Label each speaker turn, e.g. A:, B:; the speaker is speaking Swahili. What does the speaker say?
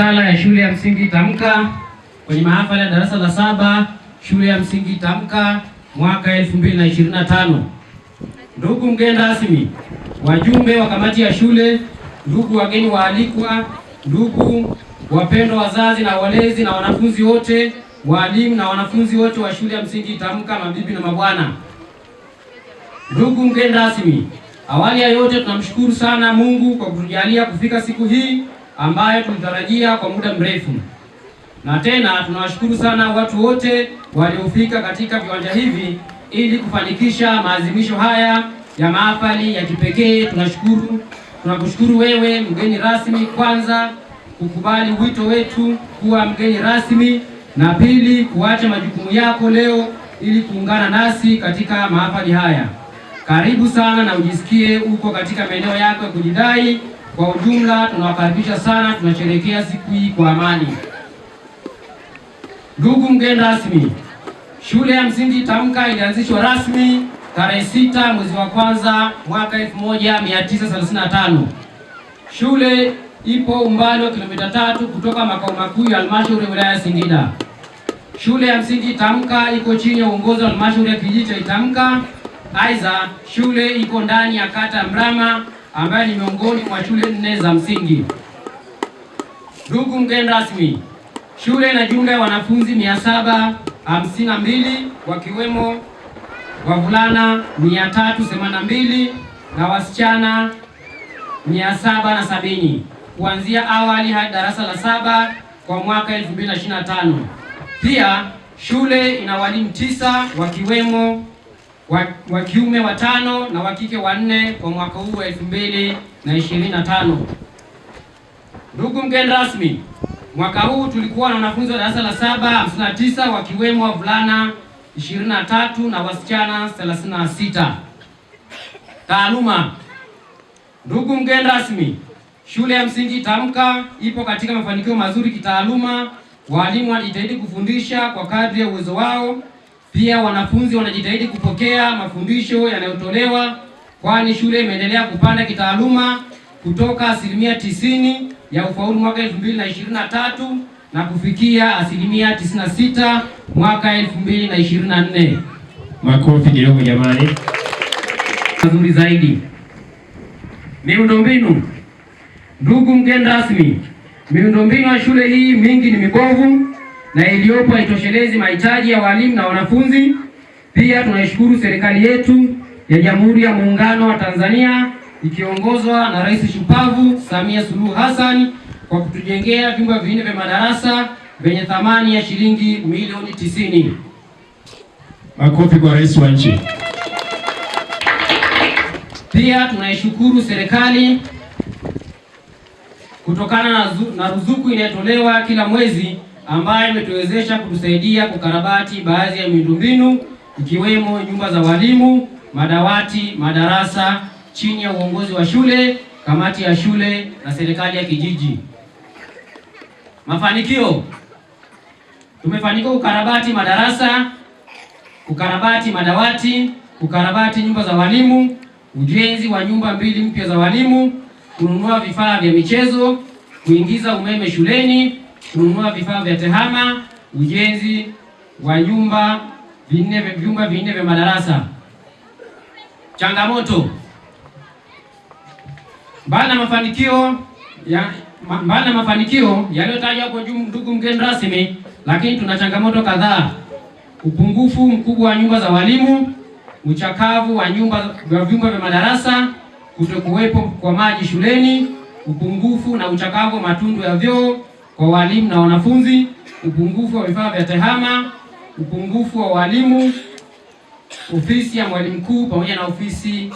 A: Sala ya shule ya msingi Tamka kwenye mahafali ya darasa la saba shule ya msingi Tamka mwaka 2025. Ndugu mgeni rasmi, wajumbe wa kamati ya shule, ndugu wageni waalikwa, ndugu wapendwa, wazazi na walezi na wanafunzi wote, walimu na wanafunzi wote wa shule ya msingi Tamka, mabibi na mabwana. Ndugu mgeni rasmi, awali ya yote tunamshukuru sana Mungu kwa kutujalia kufika siku hii ambayo tulitarajia kwa muda mrefu, na tena tunawashukuru sana watu wote waliofika katika viwanja hivi ili kufanikisha maadhimisho haya ya mahafali ya kipekee. Tunashukuru, tunakushukuru wewe mgeni rasmi, kwanza kukubali wito wetu kuwa mgeni rasmi, na pili kuacha majukumu yako leo ili kuungana nasi katika mahafali haya. Karibu sana na ujisikie uko katika maeneo yako ya kujidai. Kwa ujumla tunawakaribisha sana, tunasherehekea siku hii kwa amani. Ndugu mgeni rasmi, shule ya msingi tamka ilianzishwa rasmi tarehe sita mwezi wa kwanza mwaka 1935. Shule ipo umbali wa kilomita tatu kutoka makao makuu ya halmashauri ya wilaya ya Singida. Shule ya msingi Itamka iko chini ya uongozi wa halmashauri ya kijiji cha Itamka. Aidha, shule iko ndani ya kata ya Mrama ambaye ni miongoni mwa shule nne za msingi. Ndugu mgeni rasmi, shule ina jumla ya wanafunzi 752 wakiwemo wavulana 382 na wasichana 770 kuanzia awali hadi darasa la saba kwa mwaka 2025. Pia shule ina walimu tisa wakiwemo wa, wa kiume watano na wa kike wanne kwa mwaka huu wa 2025. Ndugu mgeni rasmi, mwaka huu tulikuwa na wanafunzi wa darasa la saba 59 wakiwemo wavulana 23 na wasichana 36. Taaluma. Ndugu mgeni rasmi, shule ya msingi Itamka ipo katika mafanikio mazuri kitaaluma. Walimu walijitahidi kufundisha kwa kadri ya uwezo wao pia wanafunzi wanajitahidi kupokea mafundisho yanayotolewa, kwani shule imeendelea kupanda kitaaluma kutoka asilimia tisini ya ufaulu mwaka 2023 na kufikia asilimia 96 mwaka 2024.
B: Makofi kidogo jamani.
A: Nzuri zaidi. Miundombinu. Ndugu mgeni rasmi, miundombinu ya shule hii mingi ni mibovu na iliyopo haitoshelezi mahitaji ya walimu na wanafunzi. Pia tunaishukuru serikali yetu ya Jamhuri ya Muungano wa Tanzania ikiongozwa na Rais shupavu Samia Suluhu Hassan kwa kutujengea vyumba vinne vya madarasa vyenye thamani ya shilingi milioni tisini.
B: Makofi kwa rais wa nchi.
A: Pia tunaishukuru serikali kutokana na ruzuku inayotolewa kila mwezi ambayo imetuwezesha kutusaidia kukarabati baadhi ya miundombinu ikiwemo nyumba za walimu, madawati, madarasa chini ya uongozi wa shule, kamati ya shule na serikali ya kijiji. Mafanikio, tumefanikiwa kukarabati madarasa, kukarabati madawati, kukarabati nyumba za walimu, ujenzi wa nyumba mbili mpya za walimu, kununua vifaa vya michezo, kuingiza umeme shuleni kununua vifaa vya tehama, ujenzi wa nyumba vinne vyumba vinne vya madarasa. Changamoto mbali na mafanikio ya mbali na mafanikio yaliyotajwa kwa juu, ndugu mgeni rasmi, lakini tuna changamoto kadhaa: upungufu mkubwa wa nyumba za walimu, uchakavu wa nyumba vya vyumba vya madarasa, kutokuwepo kwa maji shuleni, upungufu na uchakavu wa matundu ya vyoo kwa walimu na wanafunzi, upungufu wa vifaa vya TEHAMA, upungufu wa walimu, ofisi ya mwalimu mkuu pamoja na ofisi